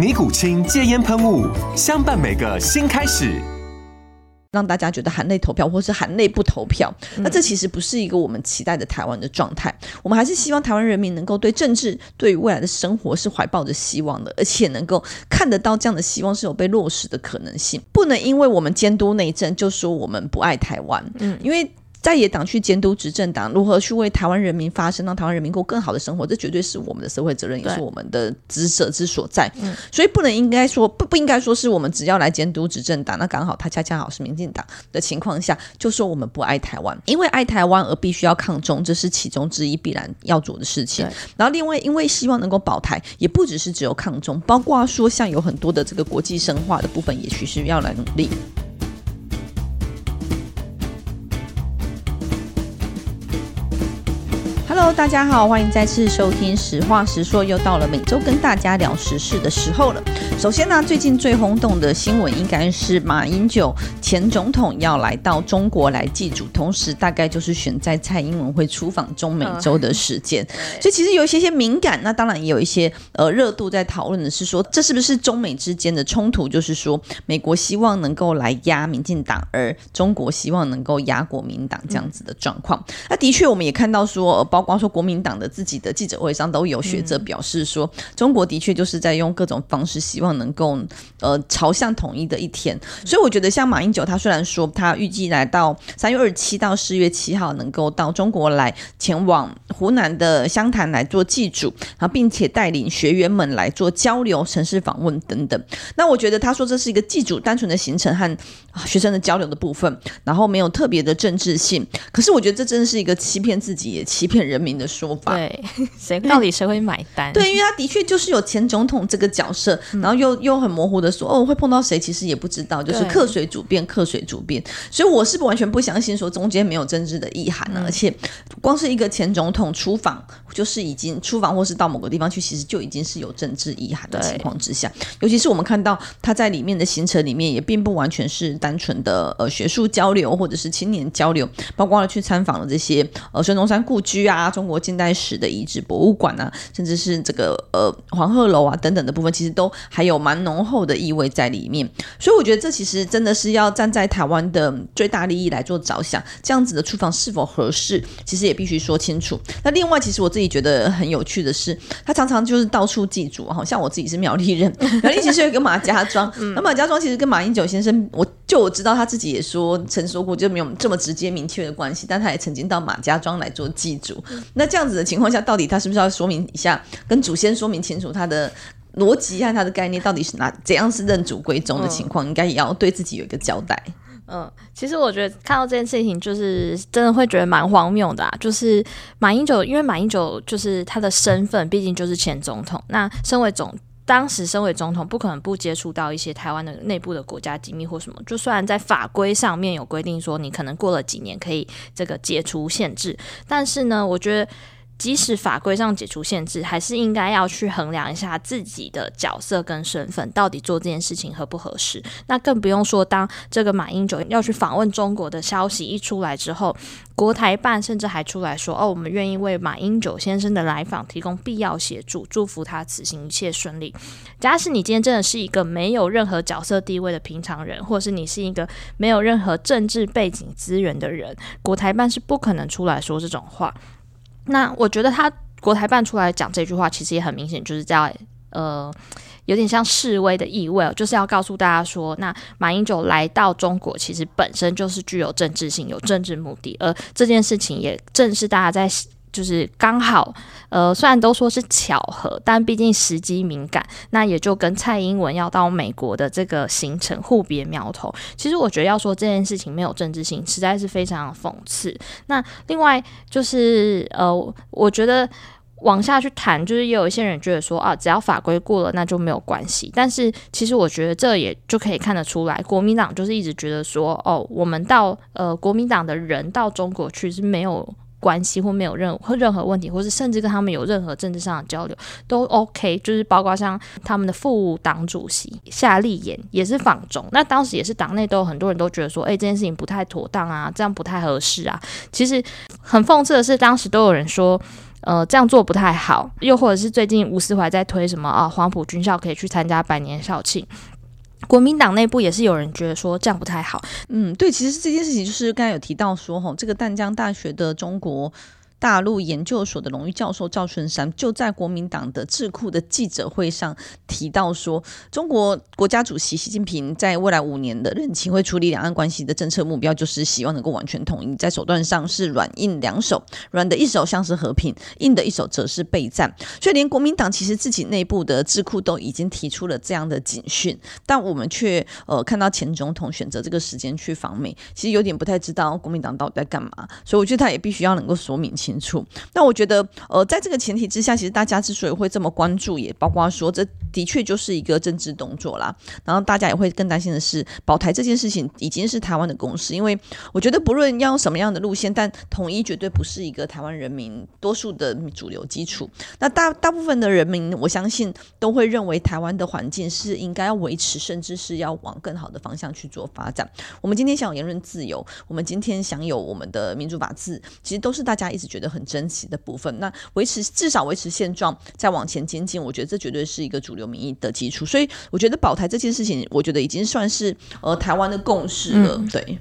尼古清戒菸噴霧，相伴每個新開始。讓大家覺得含淚投票，或是含淚不投票，嗯，那這其實不是一個我們期待的台灣的狀態。我們還是希望台灣人民能夠對政治、對於未來的生活是懷抱着希望的，而且能夠看得到這樣的希望是有被落實的可能性。不能因為我們監督內政就說我們不愛台灣。嗯，因為。在野黨去監督執政黨，如何去為台灣人民發聲，讓台灣人民過更好的生活，這絕對是我們的社會責任，也是我們的職責之所在、嗯。所以不能應該說不，不應該說是我們只要來監督執政黨，那剛好他恰恰好是民進黨的情況下，就說我們不愛台灣，因為愛台灣而必須要抗中，這是其中之一必然要做的事情。然後另外因為希望能夠保台，也不只是只有抗中，包括說像有很多的這個國際深化的部分，也許是要來努力。Hello，大家好，歡迎再次收聽《實話實說》，又到了每周跟大家聊時事的時候了。首先呢、啊，最近最轟動的新聞應該是馬英九前總統要來到中國來祭祖，同時大概就是選在蔡英文會出訪中美洲的時間，呵呵，所以其實有一些些敏感。那當然也有一些呃熱度在討論的是說，這是不是中美之間的衝突？就是說美國希望能夠來壓民進黨，而中國希望能夠壓國民黨這樣子的狀況。嗯、那的確我們也看到說，呃、包。包括說，國民黨的自己的記者會上都有學者表示說，中國的確就是在用各種方式，希望能夠呃朝向統一的一天。所以我覺得，像馬英九，他雖然說他預計來到三月二十七到四月七號能夠到中國來，前往湖南的湘潭來做祭祖，然後並且帶領學員們來做交流、城市訪問等等。那我覺得他說這是一個祭祖單純的行程和學生的交流的部分，然後沒有特別的政治性。可是我覺得這真的是一個欺騙自己，也欺騙人。名的說法，對，誰到底誰會買單？ 對，因為他的確就是有前總統這個角色，然後又又很模糊的說，哦，會碰到誰，其實也不知道。就是客隨主便，客隨主便。所以我是不完全不相信說中間沒有政治的意涵啊。而且光是一個前總統出訪，就是已經出訪或是到某個地方去，其實就已經是有政治意涵的情況之下。尤其是我們看到他在裡面的行程裡面，也並不完全是單純的呃學術交流或者是青年交流，包括了去參訪了這些呃孫中山故居啊。中國近代史的遺址博物館啊，甚至是這個呃黃鶴樓啊等等的部分，其實都還有蠻濃厚的意味在裡面。所以我覺得這其實真的是要站在台灣的最大利益來做着想，這樣子的出訪是否合適，其實也必須說清楚。那另外，其實我自己覺得很有趣的是，他常常就是到處祭祖，好像我自己是苗栗人，苗 栗其實有一個馬家莊，那、 嗯、馬家莊其實跟馬英九先生我。就我知道，他自己也說曾說過就沒有這麼直接明確的關係，但他也曾經到馬家莊來做祭祖。 那這樣子的情況下，到底他是不是要說明一下，跟祖先說明清楚他的邏輯和，他的概念到底是哪怎樣是認祖歸宗的情況，嗯，應該也要對自己有一個交代。嗯，其實我覺得看到這件事情，就是真的會覺得蠻荒謬的啊。就是馬英九，因為馬英九就是他的身份，畢竟就是前總統，那身為總。當時身為總統，不可能不接觸到一些台灣的內部的國家機密或什麼。就雖然在法規上面有規定說，你可能過了幾年可以這個解除限制，但是呢，我覺得，即使法規上解除限制，還是應該要去衡量一下自己的角色跟身份，到底做這件事情合不合適。那更不用說，當這個馬英九要去訪問中國的消息一出來之後，國台辦甚至還出來說：“哦，我們願意為馬英九先生的來訪提供必要協助，祝福他此行一切順利。”假使你今天真的是一個沒有任何角色地位的平常人，或是你是一個沒有任何政治背景資源的人，國台辦是不可能出來說這種話。那我覺得他國台辦出來講這句話，其實也很明顯，就是在呃，有點像示威的意味哦，就是要告訴大家說，那馬英九來到中國，其實本身就是具有政治性、有政治目的，而這件事情也正是大家在。就是剛好，呃，雖然都說是巧合，但畢竟時機敏感，那也就跟蔡英文要到美國的這個行程互別苗頭。其實我覺得要說這件事情沒有政治性，實在是非常的諷刺。那另外就是，呃，我覺得往下去談，就是也有一些人覺得說啊，只要法規過了，那就沒有關係。但是其實我覺得這也就可以看得出來，國民黨就是一直覺得說，哦，我們到呃，國民黨的人到中國去是沒有。關係或沒有任何任何問題，或是甚至跟他們有任何政治上的交流都 OK，就是包括像他們的副黨主席夏立言也是訪中，那當時也是黨內都有很多人都覺得說，誒、欸，這件事情不太妥當啊，這樣不太合適啊。其實很諷刺的是，當時都有人說，呃，這樣做不太好，又或者是最近吳斯懷在推什麼啊，黃埔軍校可以去參加百年校慶。國民黨內部也是有人覺得說，這樣不太好。嗯，對，其實這件事情就是剛才有提到說，吼，這個淡江大學的中國大陸研究所的榮譽教授趙春山就在國民黨的智庫的記者會上提到說，中國國家主席習近平在未來五年的任期會處理兩岸關係的政策目標就是希望能夠完全統一，在手段上是軟硬兩手，軟的一手像是和平，硬的一手則是備戰。所以，連國民黨其實自己內部的智庫都已經提出了這樣的警訊，但我們卻呃看到前總統選擇這個時間去訪美，其實有點不太知道、哦、國民黨到底在幹嘛。所以，我覺得他也必須要能夠說明清。清楚，那我覺得，呃，在這個前提之下，其實大家之所以會這麼關注，也包括說這的確就是一個政治動作啦。然後大家也會更擔心的是，保台這件事情已經是台灣的共識，因為我覺得不論要用什麼樣的路線，但統一絕對不是一個台灣人民多數的主流基礎。那大大部分的人民，我相信都會認為台灣的環境是應該要維持，甚至是要往更好的方向去做發展。我們今天享有言論自由，我們今天享有我們的民主法治，其實都是大家一直覺得很珍惜的部分。那維持至少維持現狀，再往前前進，我覺得這絕對是一個主流。有民意的基礎，所以我覺得保台這件事情，我覺得已經算是呃台灣的共識了。嗯、對，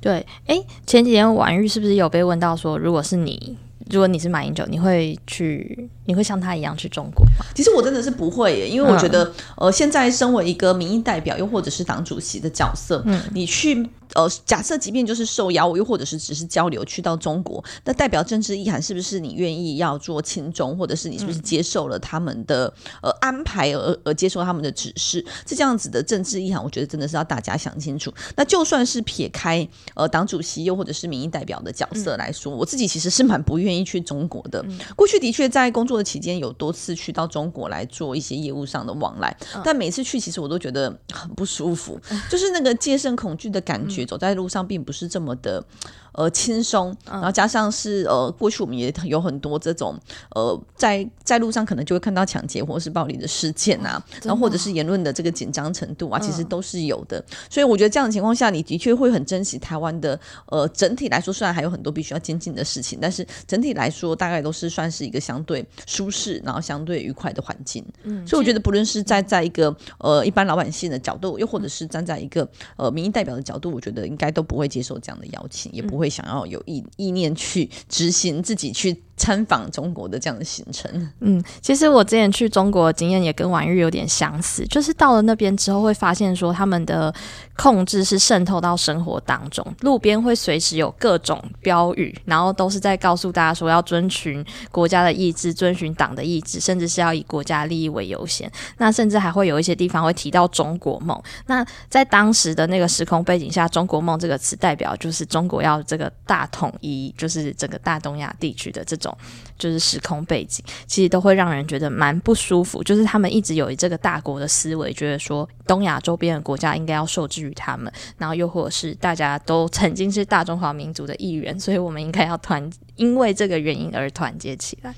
對，誒、欸，前幾天婉諭，是不是有被問到說，如果是你，如果你是馬英九，你會去？你會像他一樣去中國嗎？其實我真的是不會耶，因為我覺得、嗯，呃，現在身為一個民意代表又或者是黨主席的角色，嗯，你去，呃，假設即便就是受邀，又或者是只是交流去到中國，那代表政治意涵是不是你願意要做親中，或者是你是不是接受了他們的、嗯、呃安排而而接受他們的指示？這這樣子的政治意涵，我覺得真的是要大家想清楚。那就算是撇開呃黨主席又或者是民意代表的角色來說，嗯、我自己其實是蠻不願意去中國的。嗯、過去的確在工作。做期間有多次去到中國來做一些業務上的往來，但每次去其實我都覺得很不舒服，嗯、就是那個戒慎恐懼的感覺、嗯，走在路上並不是這麼的。呃，輕鬆，然後加上是呃，過去我們也有很多這種呃，在在路上可能就會看到搶劫或是暴力的事件啊，然後或者是言論的這個緊張程度啊，其實都是有的。所以我覺得這樣的情況下，你的確會很珍惜台灣的呃，整體來說雖然還有很多必須要精進的事情，但是整體來說大概都是算是一個相對舒適，然後相對愉快的環境。嗯，所以我覺得不論是在在一個呃一般老百姓的角度，又或者是站在一個呃民意代表的角度，我覺得應該都不會接受這樣的邀請，也不會。會想要有意意念去執行自己去。參訪中國的這樣的行程，嗯，其實我之前去中國的經驗也跟婉諭有點相似，就是到了那邊之後會發現說，他們的控制是滲透到生活當中，路邊會隨時有各種標語，然後都是在告訴大家說要遵循國家的意志，遵循黨的意志，甚至是要以國家利益為優先。那甚至還會有一些地方會提到中國夢。那在當時的那個時空背景下，“中國夢”這個詞代表就是中國要這個大統一，就是整個大東亞地區的這種。就是時空背景，其實都會讓人覺得蠻不舒服。就是他們一直有這個大國的思維，覺得說。東亞周邊的國家應該要受制於他們，然後又或者是大家都曾經是大中華民族的一員，所以我們應該要團，因為這個原因而團結起來。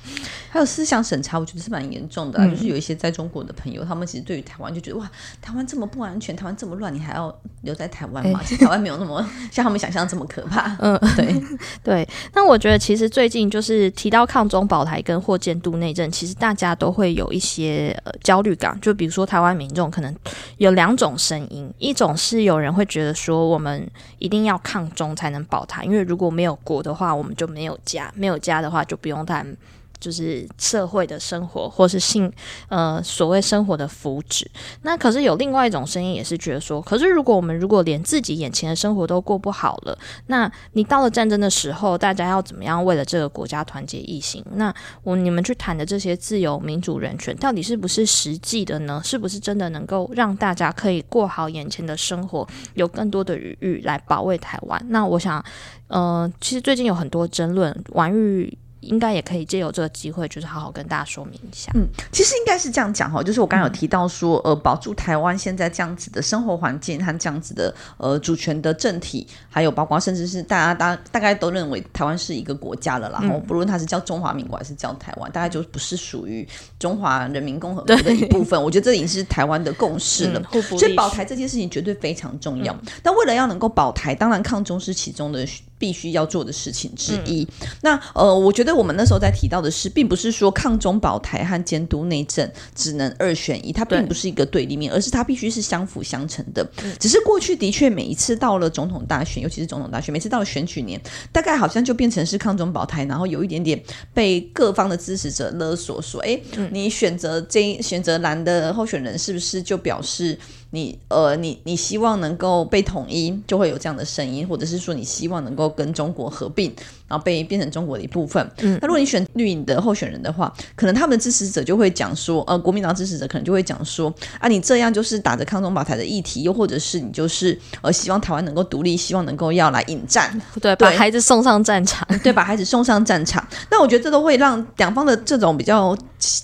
還有思想審查，我覺得是蠻嚴重的、嗯。就是有一些在中國的朋友，他們其實對於台灣就覺得哇，台灣這麼不安全，台灣這麼亂，你還要留在台灣嗎、欸？其實台灣沒有那麼像他們想象這麼可怕。欸、嗯，對對。那我覺得其實最近就是提到抗中保台跟或監督內政，其實大家都會有一些、呃、焦慮感。就比如說台灣民眾可能。有兩種聲音，一種是有人會覺得說，我們一定要抗中才能保台，因為如果沒有國的話，我們就沒有家，沒有家的話就不用談。就是社會的生活，或是性，呃，所謂生活的福祉。那可是有另外一種聲音，也是覺得說，可是如果我們如果連自己眼前的生活都過不好了，那你到了戰爭的時候，大家要怎麼樣為了這個國家團結一心？那我你們去談的這些自由、民主、人權，到底是不是實際的呢？是不是真的能夠讓大家可以過好眼前的生活，有更多的餘裕來保衛台灣？那我想，嗯、呃，其實最近有很多爭論，婉諭。應該也可以借由這個機會，就是好好跟大家說明一下。嗯，其實應該是這樣講哈，就是我剛才有提到說、嗯，呃，保住台灣現在這樣子的生活環境，它這樣子的呃主權的政體，還有包括甚至是大家大家大概都認為台灣是一個國家了啦。然、嗯、後，不論它是叫中華民國還是叫台灣，大概就不是屬於中華人民共和國的一部分。我覺得這已經是台灣的共識了、嗯。所以保台這件事情絕對非常重要。那、嗯、為了要能夠保台，當然抗中是其中的。必須要做的事情之一。嗯、那呃，我覺得我們那時候在提到的是，並不是說抗中保台和監督內政只能二選一，它並不是一個對立面，而是它必須是相輔相成的。只是過去的確每一次到了總統大選，尤其是總統大選，每次到了選舉年，大概好像就變成是抗中保台，然後有一點點被各方的支持者勒索，說：“誒、欸，你選擇這選擇藍的候選人，是不是就表示？”你呃，你你希望能夠被統一，就會有這樣的聲音，或者是說你希望能夠跟中國合併，然後被變成中國的一部分。嗯，那如果你選綠營的候選人的話，可能他們的支持者就會講說，呃，國民黨支持者可能就會講說，啊，你這樣就是打着抗中保台的議題，又或者是你就是呃希望台灣能夠獨立，希望能夠要來引戰，對，把孩子送上戰場，對， 把孩子送上戰場。那我覺得這都會讓兩方的這種比較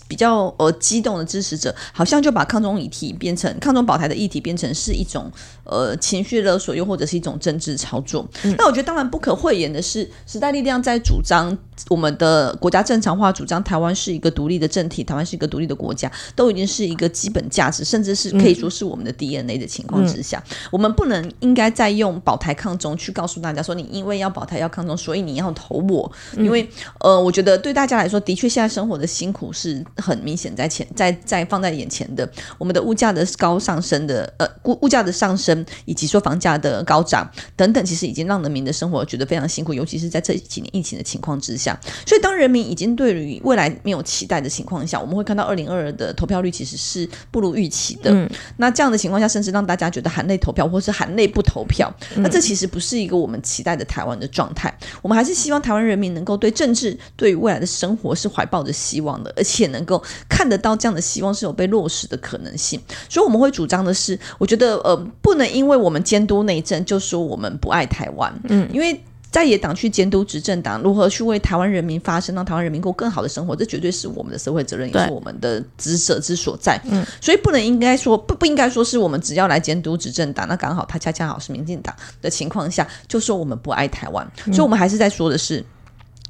比較呃激動的支持者，好像就把抗中議題變成抗中保台的。一體變成是一種，呃，情緒勒索又或者是一種政治操作。嗯、那我覺得當然不可諱言的是，時代力量在主張我們的國家正常化，主張台灣是一個獨立的政體，台灣是一個獨立的國家，都已經是一個基本價值，甚至是可以說是我們的 DNA 的情況之下、嗯，我們不能應該再用保台抗中去告訴大家說，你因為要保台要抗中，所以你要投我。嗯、因為呃，我覺得對大家來說，的確現在生活的辛苦是很明顯在前在在放在眼前的，我們的物價的高上升的呃，物價的上升。以及說房價的高漲等等，其實已經讓人民的生活覺得非常辛苦，尤其是在這幾年疫情的情況之下。所以，當人民已經對於未來沒有期待的情況下，我們會看到二零二二的投票率其實是不如預期的。嗯、那這樣的情況下，甚至讓大家覺得含淚投票，或是含淚不投票，嗯。那這其實不是一個我們期待的台灣的狀態。我們還是希望台灣人民能夠對政治、對於未來的生活是懷抱着希望的，而且能夠看得到這樣的希望是有被落實的可能性。所以，我們會主張的是，我覺得呃，不能。因為我們監督內政，就說我們不愛台灣。嗯，因為在野黨去監督執政黨，如何去為台灣人民發聲，讓台灣人民過更好的生活，這絕對是我們的社會責任，也是我們的職責之所在。嗯，所以不能應該說不不應該說是我們只要來監督執政黨，那剛好他恰恰好是民進黨的情況下，就說我們不愛台灣。嗯，所以我們還是在說的是。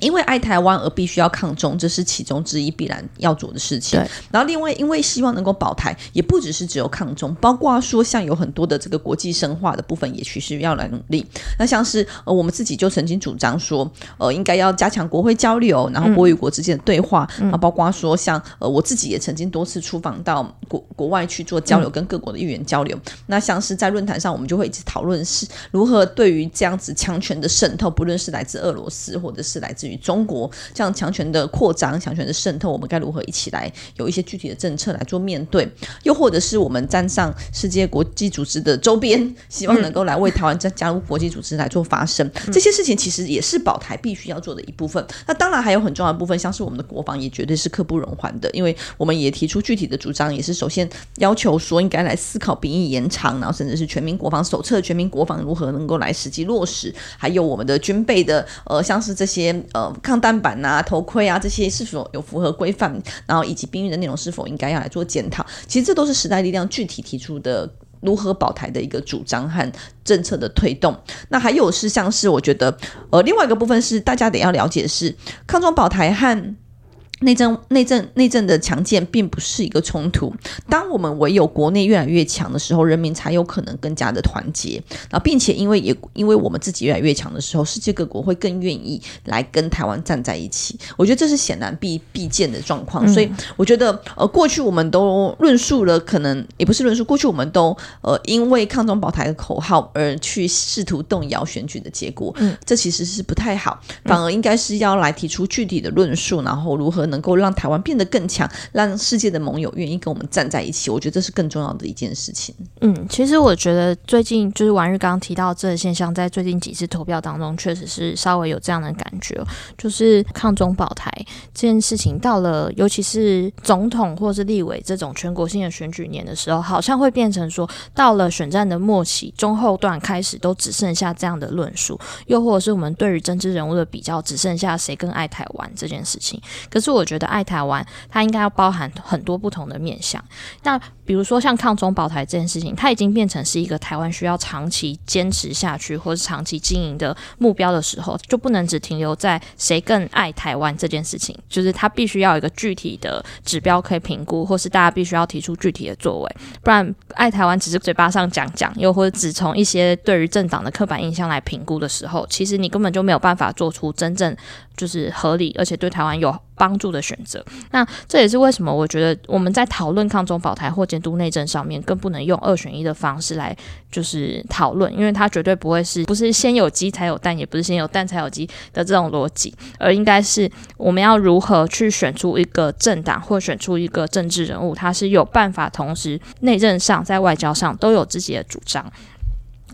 因為愛台灣而必須要抗中，這是其中之一必然要做的事情。對。然後另外，因為希望能夠保台，也不只是只有抗中，包括說像有很多的這個國際深化的部分，也確實要來努力。那像是呃，我們自己就曾經主張說，呃，應該要加強國會交流，然後國與國之間的對話。啊、嗯，包括說像呃，我自己也曾經多次出訪到國國外去做交流，跟各國的議員交流、嗯。那像是在論壇上，我們就會一直討論是如何對於這樣子強權的滲透，不論是來自俄羅斯，或者是來自於。與中國這樣強權的擴張、強權的滲透，我們該如何一起來有一些具體的政策來做面對？又或者是我們站上世界國際組織的周邊，希望能夠來為台灣再加入國際組織來做發聲。嗯，這些事情其實也是保台必須要做的一部分。嗯。那當然還有很重要的部分，像是我們的國防也絕對是刻不容緩的，因為我們也提出具體的主張，也是首先要求說應該來思考兵役延長，然後甚至是全民國防手冊、全民國防如何能夠來實際落實，還有我們的軍備的呃，像是這些。呃呃，抗彈板吶、啊、頭盔啊，這些是否有符合規範？然後以及兵役的內容是否應該要來做檢討？其實這都是時代力量具體提出的如何保台的一個主張和政策的推動。那還有是像是我覺得，呃，另外一個部分是大家得要了解的是抗中保台和內政、內政、內政的強健並不是一個衝突。當我們唯有國內越來越強的時候，人民才有可能更加的團結啊，然後並且因為也因為我們自己越來越強的時候，世界各國會更願意來跟台灣站在一起。我覺得這是顯然必必見的狀況。所以我覺得，呃，過去我們都論述了，可能也不是論述，過去我們都呃因為“抗中保台”的口號而去試圖動搖選舉的結果。嗯，這其實是不太好，反而應該是要來提出具體的論述，然後如何。能夠讓台灣變得更強，讓世界的盟友願意跟我們站在一起，我覺得這是更重要的一件事情。嗯，其實我覺得最近就是婉諭剛剛提到這個現象，在最近幾次投票當中，確實是稍微有這樣的感覺，就是抗中保台這件事情，到了尤其是總統或是立委這種全國性的選舉年的時候，好像會變成說，到了選戰的末期、中後段開始，都只剩下這樣的論述，又或者是我們對於政治人物的比較，只剩下誰更愛台灣這件事情。可是我。我覺得愛台灣，它應該要包含很多不同的面向。那比如說像抗中保台這件事情，它已經變成是一個台灣需要長期堅持下去，或是長期經營的目標的時候，就不能只停留在誰更愛台灣這件事情。就是它必須要有一個具體的指標可以評估，或是大家必須要提出具體的作為。不然，愛台灣只是嘴巴上講講，又或者只從一些對於政黨的刻板印象來評估的時候，其實你根本就沒有辦法做出真正就是合理，而且對台灣有幫助的選擇，那這也是為什麼我覺得我們在討論抗中保台或監督內政上面，更不能用二選一的方式來就是討論，因為它絕對不會是，不是先有雞才有蛋，也不是先有蛋才有雞的這種邏輯，而應該是我們要如何去選出一個政黨或選出一個政治人物，他是有辦法同時內政上在外交上都有自己的主張。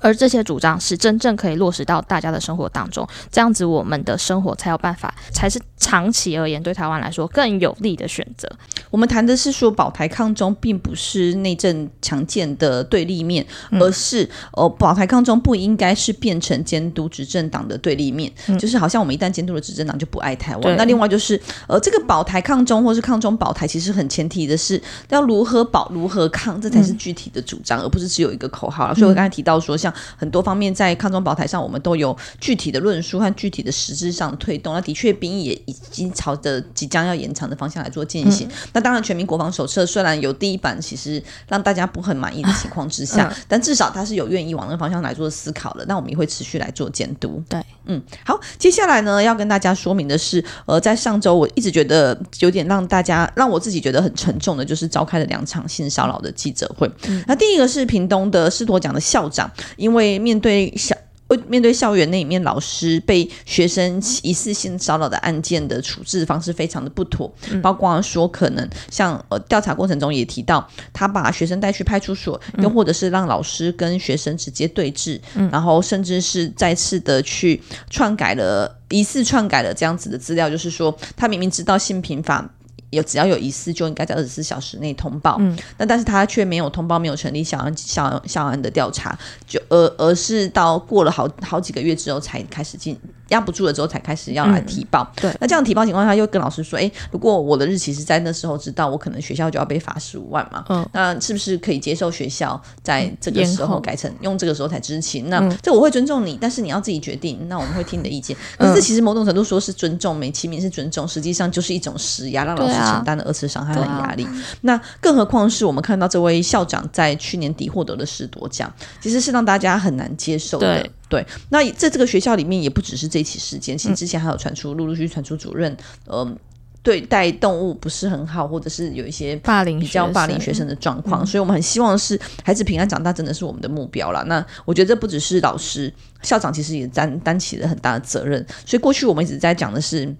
而這些主張是真正可以落實到大家的生活當中，這樣子我們的生活才有辦法，才是長期而言對台灣來說更有利的選擇。我們談的是說保台抗中，並不是內政強健的對立面，嗯、而是呃保台抗中不應該是變成監督執政黨的對立面、嗯，就是好像我們一旦監督了執政黨就不愛台灣。那另外就是呃這個保台抗中或是抗中保台，其實很前提的是要如何保如何抗，這才是具體的主張、嗯，而不是只有一個口號。所以我剛才提到說，嗯很多方面在抗中保台上，我們都有具體的論述和具體的實質上推動。那的確，兵役也已經朝着即將要延長的方向來做進行。嗯、那當然，全民國防手冊雖然有第一版，其實讓大家不很滿意的情況之下，啊嗯、但至少他是有願意往那個方向來做思考的。那我們也會持續來做監督。對，嗯，好，接下來呢，要跟大家說明的是，呃，在上周我一直覺得有點讓大家讓我自己覺得很沉重的，就是召開了兩場性騷擾的記者會。嗯、那第一個是屏東的師鐸獎的校長。因為面對校面對校園那裡面老師被學生疑似性騷擾的案件的處置方式非常的不妥，嗯、包括說可能像、呃、調查過程中也提到，他把學生帶去派出所，又或者是讓老師跟學生直接對峙、嗯，然後甚至是再次的去篡改了疑似篡改了這樣子的資料，就是說他明明知道性平法。有，只要有疑似就應該在二十四小時內通報。嗯，那但是他卻沒有通報，沒有成立小安小安小安的調查，就而，呃，而是到過了好好幾個月之後才開始進。壓不住了之後，才開始要來提報、嗯。對，那這樣提報情況下，又跟老師說：“誒，如果我的日期是在那時候知道，我可能學校就要被罰十五萬嘛。”嗯，那是不是可以接受學校在這個時候改成、嗯、用這個時候才知情？那、嗯、這我會尊重你，但是你要自己決定。那我們會聽你的意見。嗯、可是，其實某種程度說是尊重，美其名是尊重，實際上就是一種施壓，讓老師承擔了二次傷害的壓力、啊啊。那更何況是我們看到這位校長在去年底獲得了師鐸獎，其實是讓大家很難接受的。對，那在這個學校裡面，也不只是這起事件，其實之前還有傳出，嗯、陸陸續續傳出主任，嗯、呃，對待動物不是很好，或者是有一些霸凌，比較霸凌學生的狀況，所以我們很希望是孩子平安長大，真的是我們的目標了、嗯。那我覺得這不只是老師校長，其實也擔擔起了很大的責任。所以過去我們一直在講的是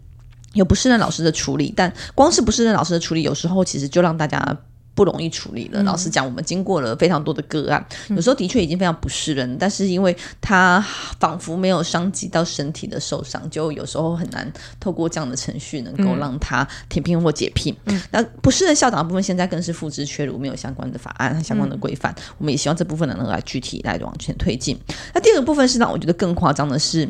有不適任老師的處理，但光是不適任老師的處理，有時候其實就讓大家。不容易處理了。老實講，我們經過了非常多的個案，嗯、有時候的確已經非常不適任、嗯，但是因為他仿佛沒有傷及到身體的受傷，就有時候很難透過這樣的程序能夠讓他停聘或解聘、嗯。那不適任校長的部分，現在更是付之闕如，沒有相關的法案、相關的規範、嗯，我們也希望這部分能夠來具體來往前推進。那第二個部分是，讓我覺得更誇張的是。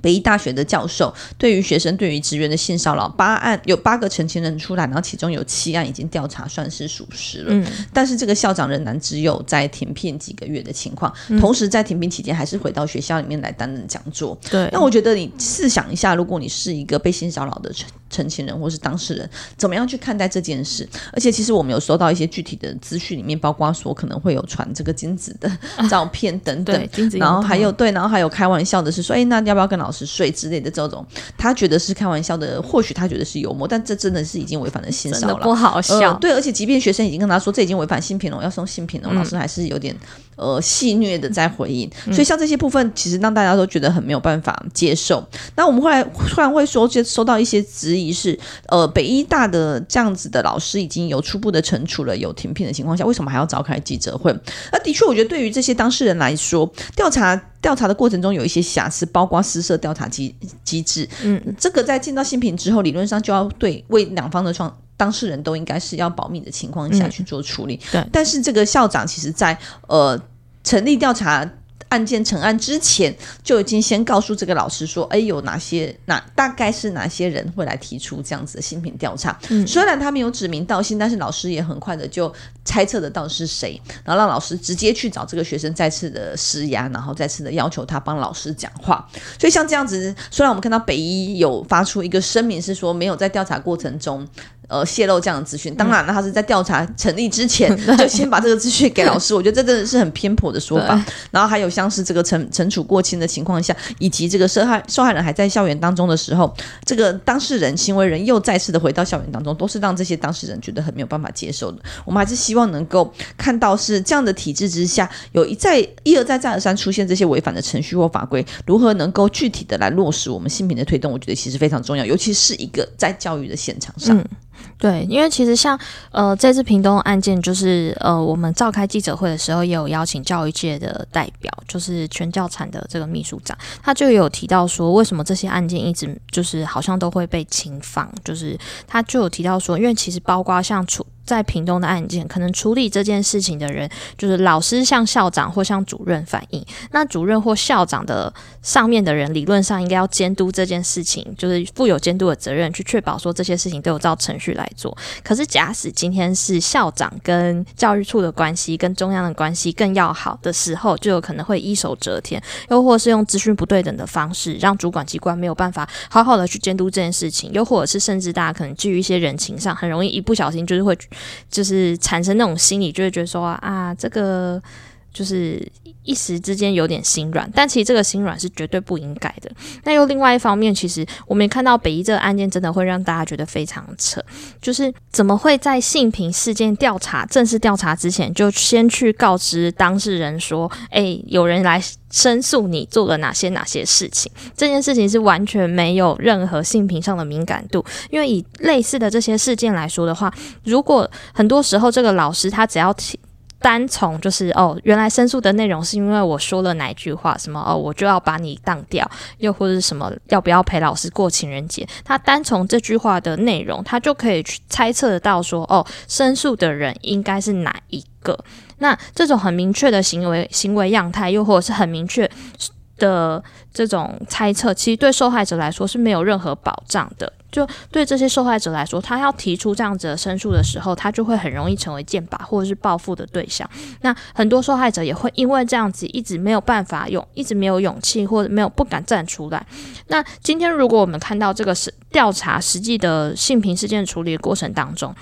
北醫大學的教授對於學生、對於職員的性騷擾八案，有八個，澄清人出來，然後其中有七案已經調查，算是屬實了。嗯、但是這個校長仍然只有在停聘幾個月的情況，同時在停聘期間還是回到學校裡面來擔任講座。對、嗯，那我覺得你試想一下，如果你是一個被性騷擾的成績。陳情人或是當事人怎麼樣去看待這件事？而且其實我們有收到一些具體的資訊，裡面包括說可能會有傳這個精子的、啊、照片等等。金子然後還有對，然後還有開玩笑的是說，哎、欸，那你要不要跟老師睡之類的這種，他覺得是開玩笑的，或許他覺得是幽默，但這真的是已經違反了性騷擾了。真的不好笑、呃。對，而且即便學生已經跟他說這已經違反性平了，要送性平了，嗯、老師還是有點呃戲謔的在回應、嗯。所以像這些部分，其實讓大家都覺得很沒有辦法接受。嗯、那我們後來突然會收接收到一些直。一是，呃，北醫大的這樣子的老師已經有初步的懲處了，有停聘的情況下，為什麼還要召開記者會？那的確，我覺得對於這些當事人來說，調查調查的過程中有一些瑕疵，包括私設調查機機制。嗯，這個在進到新品之後，理論上就要對為兩方的創當事人，都應該是要保密的情況下去做處理、嗯。對，但是這個校長其實在，在呃成立調查。案件成案之前，就已經先告訴這個老師說：“誒，有哪些哪大概是哪些人會來提出這樣子的性平調查，嗯？雖然他沒有指名道姓，但是老師也很快的就猜測得到是誰，然後讓老師直接去找這個學生再次的施壓，然後再次的要求他幫老師講話。所以像這樣子，雖然我們看到北醫有發出一個聲明，是說沒有在調查過程中。”呃，洩露這樣的資訊，當然了，他是在調查成立之前就先把這個資訊給老師，我覺得這真的是很偏頗的說法。然後還有像是這個懲懲處過輕的情況下，以及這個受害受害人還在校園當中的時候，這個當事人行為人又再次的回到校園當中，都是讓這些當事人覺得很沒有辦法接受的。我們還是希望能夠看到是這樣的體制之下，有一再一而再再而三出現這些違反的程序或法規，如何能夠具體的來落實我們性平的推動，我覺得其實非常重要，尤其是一個在教育的現場上。嗯對，因為其實像呃，這次屏東案件，就是呃，我們召開記者會的時候，也有邀請教育界的代表，就是全教產的這個秘書長，他就有提到說，為什麼這些案件一直就是好像都會被輕放，就是他就有提到說，因為其實包括像處。在屏東的案件，可能處理這件事情的人就是老師向校長或向主任反映，那主任或校長的上面的人理論上應該要監督這件事情，就是負有監督的責任，去確保說這些事情都有照程序來做。可是假使今天是校長跟教育處的關係跟中央的關係更要好的時候，就有可能會一手遮天，又或是用資訊不對等的方式，讓主管機關沒有辦法好好的去監督這件事情，又或者是甚至大家可能基於一些人情上，很容易一不小心就是會。就是產生那種心理，就會覺得說啊，這個。就是一時之間有點心軟，但其實這個心軟是絕對不應該的。那又另外一方面，其實我們也看到北醫這個案件，真的會讓大家覺得非常扯。就是怎麼會在性平事件調查正式調查之前，就先去告知當事人說：“誒、欸，有人來申訴你做了哪些哪些事情？”這件事情是完全沒有任何性平上的敏感度，因為以類似的這些事件來說的話，如果很多時候這個老師他只要提。單從就是哦，原來申訴的內容是因為我說了哪句話，什麼哦，我就要把你當掉，又或者是什麼要不要陪老師過情人節？他單從這句話的內容，他就可以去猜測到說哦，申訴的人應該是哪一個？那這種很明確的行為行為樣態，又或者是很明確。的這種猜測，其實對受害者來說是沒有任何保障的。就對這些受害者來說，他要提出這樣子的申訴的時候，他就會很容易成為箭靶或者是報復的對象。那很多受害者也會因為這樣子，一直沒有辦法勇，一直沒有勇氣或者沒有不敢站出來。那今天如果我們看到這個是調查實際的性平事件處理的過程當中，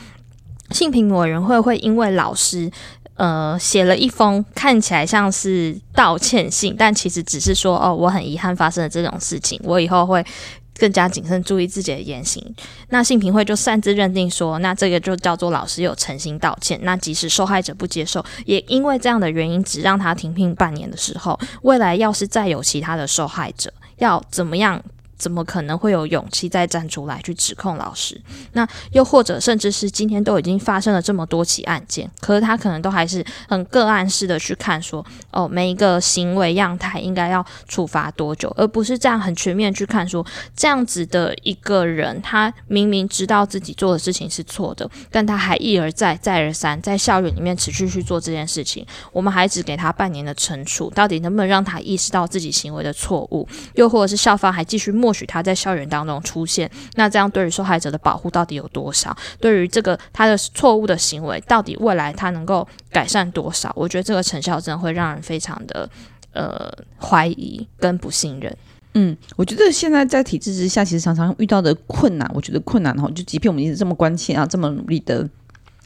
性平委員會會因為老師。呃，寫了一封看起來像是道歉信，但其實只是說哦，我很遺憾發生了這種事情，我以後會更加謹慎注意自己的言行。那性平會就擅自認定說，那這個就叫做老師有誠心道歉。那即使受害者不接受，也因為這樣的原因，只讓他停聘半年的時候，未來要是再有其他的受害者，要怎麼樣？怎麼可能會有勇氣再站出來去指控老師？那又或者甚至是今天都已經發生了這麼多起案件，可是他可能都還是很個案式的去看說，哦，每一個行為樣態應該要處罰多久，而不是這樣很全面去看說，這樣子的一個人，他明明知道自己做的事情是錯的，但他還一而再再而三在校園裡面持續去做這件事情，我們還只給他半年的懲處，到底能不能讓他意識到自己行為的錯誤？又或者是校方還繼續默？或許他在校園當中出現，那這樣對於受害者的保護到底有多少？對於這個他的錯誤的行為，到底未來他能夠改善多少？我覺得這個成效真的會讓人非常的呃懷疑跟不信任。嗯，我覺得現在在體制之下，其實常常遇到的困難，我覺得困難哈，就即便我們一直這麼關切啊，這麼努力的。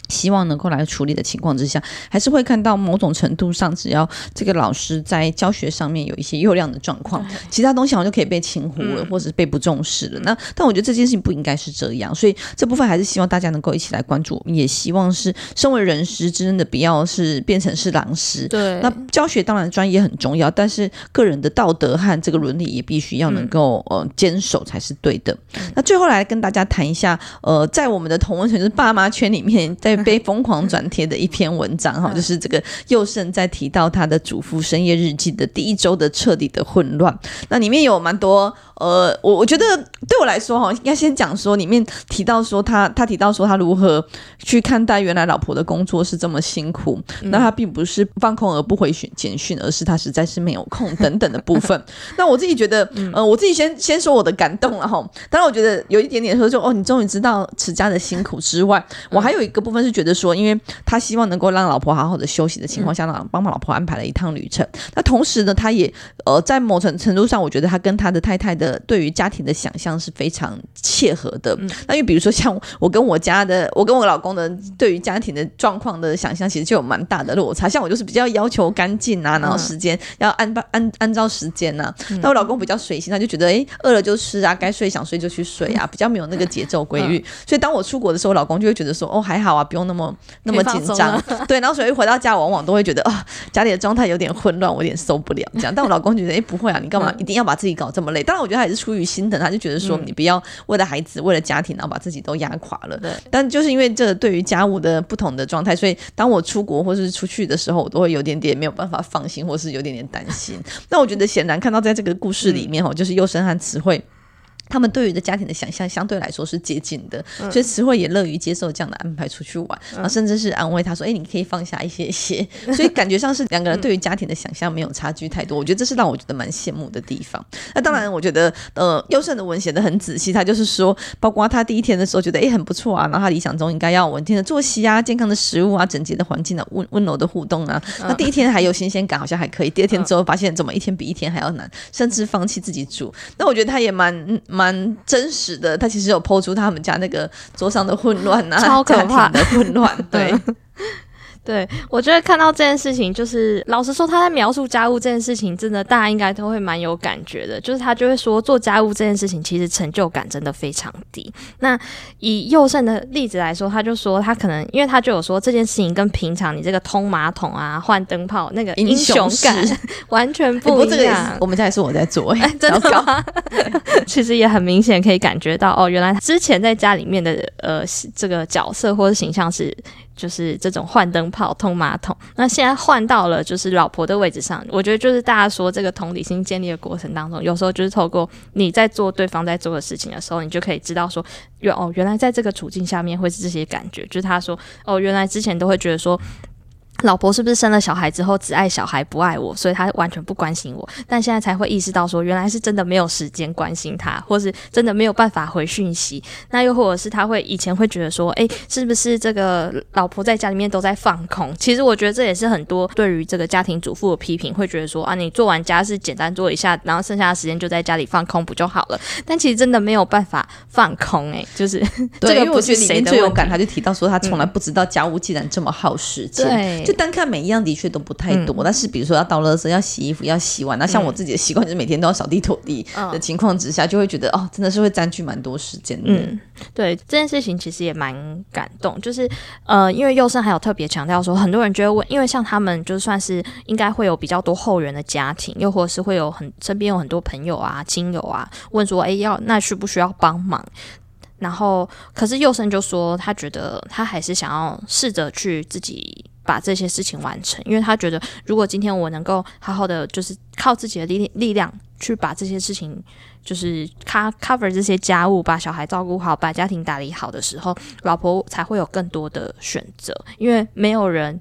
希望能夠來處理的情況之下，還是會看到某種程度上，只要這個老師在教學上面有一些優良的狀況，其他東西好像就可以被輕忽了，或者是被不重視了。嗯、那但我覺得這件事情不應該是這樣，所以這部分還是希望大家能夠一起來關注，也希望是身為人師之人的，不要是變成是狼師。對，那教學當然專業很重要，但是個人的道德和這個倫理也必須要能夠呃堅守才是對的。嗯、那最後來跟大家談一下，呃，在我們的同溫層是爸媽圈裡面，在被瘋狂轉貼的一篇文章哈， 就是這個宥勝在提到他的主夫深夜日記的第一周的徹底的混亂。那裡面有蠻多呃，我我覺得對我來說哈，應該先講說裡面提到說他他提到說他如何去看待原來老婆的工作是這麼辛苦，嗯、那他並不是放空而不回選簡訊，而是他實在是沒有空等等的部分。 那我自己覺得嗯、呃，我自己先先說我的感動了哈。當然我覺得有一點點說就哦，你終於知道持家的辛苦之外，嗯、我還有一個部分。是覺得說，因為他希望能夠讓老婆好好的休息的情況下，嗯、幫幫老婆安排了一趟旅程。那、嗯、同時呢，他也呃，在某程度上，我覺得他跟他的太太的對於家庭的想象是非常切合的。那、嗯、因為比如說像我跟我家的，我跟我老公的對於家庭的狀況的想象，其實就有蠻大的落差。像我就是比較要求乾淨啊，嗯、然後時間要按按按照時間吶、啊嗯。那我老公比較隨性，他就覺得哎餓了就吃啊，該睡想睡就去睡啊、嗯，比較沒有那個節奏規律。嗯、所以當我出國的時候，老公就會覺得說哦還好啊。不用那麼那麼緊張，對，然後所以回到家，往往都會覺得啊、呃，家裡的狀態有點混亂，我有點受不了這樣。但我老公覺得，哎、欸，不會啊，你幹嘛一定要把自己搞這麼累？嗯、當然，我覺得他也是出於心疼，他就覺得說，你不要為了孩子、嗯，為了家庭，然後把自己都壓垮了。對、嗯。但就是因為這對於家務的不同的狀態，所以當我出國或是出去的時候，我都會有點點沒有辦法放心，或是有點點擔心、嗯。那我覺得顯然看到在這個故事裡面，哦、嗯，就是宥勝和詞慧。他們對於的家庭的想象相對來說是接近的，嗯、所以慈慧也樂於接受這樣的安排出去玩啊，嗯、甚至是安慰他說：“誒、欸，你可以放下一些些。嗯”所以感覺上是兩個人對於家庭的想象沒有差距太多、嗯。我覺得這是讓我覺得蠻羨慕的地方。那、嗯啊、當然，我覺得呃，宥勝的文寫得很仔細，他就是說，包括他第一天的時候覺得誒，欸、很不錯啊，然後他理想中應該要穩定的作息啊、健康的食物啊、整潔的環境啊、溫溫柔的互動啊、嗯。那第一天還有新鮮感，好像還可以。第二天之後發現怎麼一天比一天還要難，嗯、甚至放棄自己煮。那我覺得他也蠻。嗯蠻真實的，他其實有 PO 出他們家那個桌上的混亂吶、啊，家庭的混亂，對。 對對，我覺得看到這件事情，就是老實說，他在描述家務這件事情，真的大家應該都會蠻有感覺的。就是他就會說，做家務這件事情其實成就感真的非常低。那以宥勝的例子來說，他就說他可能，因為他就有說這件事情跟平常你這個通馬桶啊、換燈泡那個英雄感，英雄感 完全不一樣。我們家也是我在做，哎、這個 欸，真的。 其實也很明顯可以感覺到，哦，原來他之前在家裡面的呃這個角色或者形象是。就是這種換燈泡、通馬桶，那現在換到了就是老婆的位置上。我覺得就是大家說這個同理心建立的過程當中，有時候就是透過你在做對方在做的事情的時候，你就可以知道說，原哦，原來在這個處境下面會是這些感覺。就是他說，哦，原來之前都會覺得說。老婆是不是生了小孩之後只愛小孩不愛我，所以他完全不關心我？但現在才會意識到說，原來是真的沒有時間關心他，或是真的沒有辦法回訊息。那又或者是他會以前會覺得說，哎、欸，是不是這個老婆在家裡面都在放空？其實我覺得這也是很多對於這個家庭主婦的批評，會覺得說啊，你做完家事簡單做一下，然後剩下的時間就在家裡放空不就好了？但其實真的沒有辦法放空哎、欸，就是對這個。不是誰都有感，他就提到說他從來不知道家務竟然這麼耗時間。嗯，對單看每一樣的確都不太多，嗯、但是比如說要倒垃圾、要洗衣服、嗯、要洗碗，那像我自己的習慣就是每天都要掃地拖地的情況之下，嗯、就會覺得哦，真的是會佔據蠻多時間。嗯，對這件事情其實也蠻感動，就是呃，因為宥勝還有特別強調說，很多人就會問，因為像他們就算是應該會有比較多後援的家庭，又或者是會有很身邊有很多朋友啊、親友啊問說，哎，要那需不需要幫忙？然後，可是宥勝就說，他覺得他還是想要試着去自己把這些事情完成，因為他覺得，如果今天我能夠好好的，就是靠自己的力力量，去把這些事情，就是他 co cover 這些家務，把小孩照顧好，把家庭打理好的時候，老婆才會有更多的選擇。因為沒有人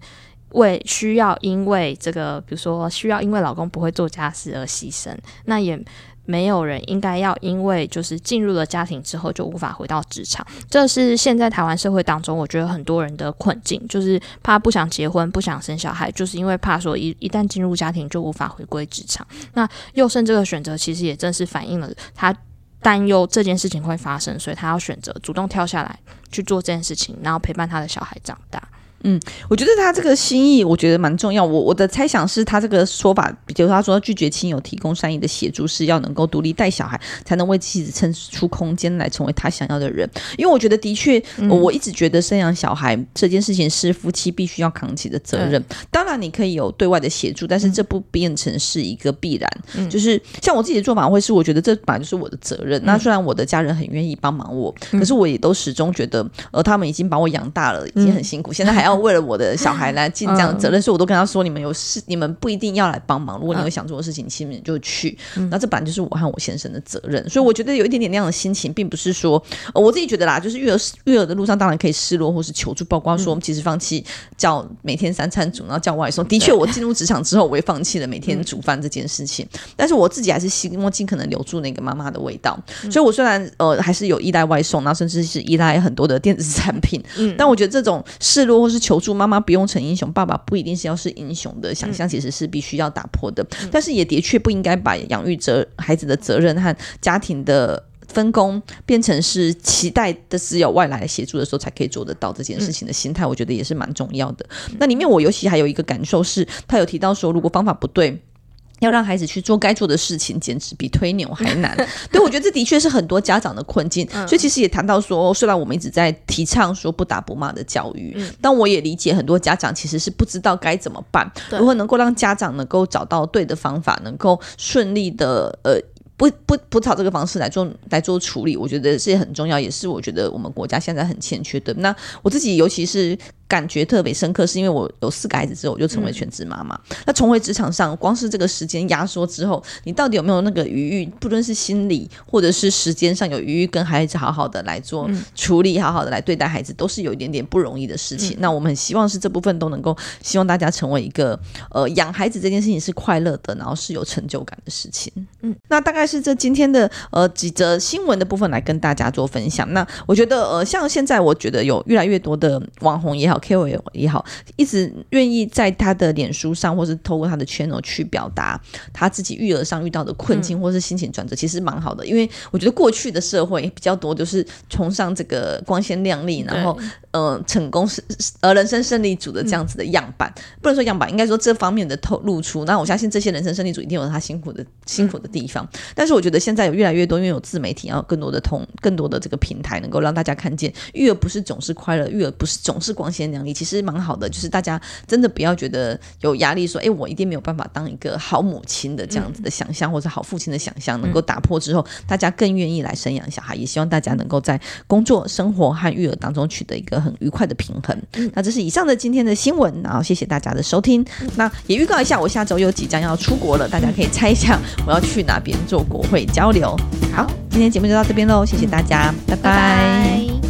為需要，因為這個，比如說需要，因為老公不會做家事而犧牲，那也。沒有人應該要因為就是進入了家庭之後就無法回到職場，這是現在台灣社會當中我覺得很多人的困境，就是怕，不想結婚不想生小孩，就是因為怕說一一旦進入家庭就無法回歸職場。那宥勝這個選擇其實也正是反映了他擔憂這件事情會發生，所以他要選擇主動跳下來去做這件事情，然後陪伴他的小孩長大。嗯，我覺得他這個心意，我覺得蠻重要。我我的猜想是他這個說法，比如說他說拒絕親友提供善意的協助，是要能夠獨立帶小孩，才能為妻子撐出空間來成為他想要的人。因為我覺得的確，嗯哦、我一直覺得生養小孩這件事情是夫妻必須要扛起的責任。嗯、當然，你可以有對外的協助，但是這不變成是一個必然。嗯、就是像我自己的做法，會是我覺得這本來就是我的責任。嗯、那雖然我的家人很願意幫忙我、嗯，可是我也都始終覺得，呃，他們已經把我養大了，已經很辛苦，嗯、現在還要。為了我的小孩來盡這樣的責任、嗯，所以我都跟他說：“你們有事，你們不一定要來幫忙。如果你有想做的事情，嗯、你們就去。”那這本來就是我和我先生的責任、嗯，所以我覺得有一點點那樣的心情，並不是說、呃、我自己覺得啦。就是育兒育兒的路上，當然可以失落或是求助，包括說我們其實放棄叫每天三餐煮，然後叫外送。嗯、的確，我進入職場之後，我也放棄了每天煮飯這件事情。嗯、但是我自己還是希望盡可能留住那個媽媽的味道。嗯、所以，我雖然呃還是有依賴外送，然甚至是依賴很多的電子產品，嗯、但我覺得這種失落或是求助，媽媽不用逞英雄，爸爸不一定是要是英雄的、嗯、想象，其實是必須要打破的、嗯。但是也的確不應該把養育責孩子的責任和家庭的分工變成是期待的只有外來協助的時候才可以做得到、嗯、這件事情的心態，我覺得也是蠻重要的、嗯。那裡面我尤其還有一個感受是，他有提到說，如果方法不對。要讓孩子去做該做的事情，簡直比推牛還難。 對，我覺得這的確是很多家長的困境。 所以其實也談到說，雖然我們一直在提倡說不打不罵的教育，嗯，但我也理解很多家長其實是不知道該怎麼辦。對。如何能夠讓家長能夠找到對的方法，能夠順利的呃不不不朝這個方式來做來做處理，我覺得這也很重要，也是我覺得我們國家現在很欠缺的。那我自己尤其是。感覺特別深刻，是因為我有四個孩子之後，我就成為全職媽媽。嗯、那重回職場上，光是這個時間壓縮之後，你到底有沒有那個餘裕？不論是心理或者是時間上有餘裕，跟孩子好好的來做處理，好好的來對待孩子，嗯，都是有一點點不容易的事情。嗯、那我們很希望是這部分都能夠，希望大家成為一個呃，養孩子這件事情是快樂的，然後是有成就感的事情。嗯，那大概是這今天的呃幾則新聞的部分來跟大家做分享。嗯、那我覺得呃，像現在我覺得有越來越多的網紅也好，KOL 也好，一直願意在他的臉書上，或是透過他的 channel 去表達他自己育兒上遇到的困境，或是心情轉折、嗯，其實蠻好的。因為我覺得過去的社會比較多，就是崇尚這個光鮮亮麗，然後嗯、呃，成功是是而人生勝利組的這樣子的樣板。嗯、不能說樣板，應該說這方面的透露出。那我相信這些人生勝利組一定有他辛苦的辛苦的地方、嗯。但是我覺得現在有越來越多，因為有自媒體，然後更多的同，更多的這個平台，能夠讓大家看見育兒不是總是快樂，育兒不是總是光鮮。能力其實蠻好的，就是大家真的不要覺得有壓力說，說哎，我一定沒有辦法當一個好母親的這樣子的想象，嗯、或者好父親的想象、嗯，能夠打破之後，大家更願意來生養小孩，也希望大家能夠在工作、生活和育兒當中取得一個很愉快的平衡。嗯、那這是以上的今天的新聞，然後謝謝大家的收聽、嗯。那也預告一下，我下週有即將要出國了，大家可以猜一下我要去哪邊做國會交流。嗯、好，今天節目就到這邊嘍，謝謝大家，嗯、拜拜。拜拜。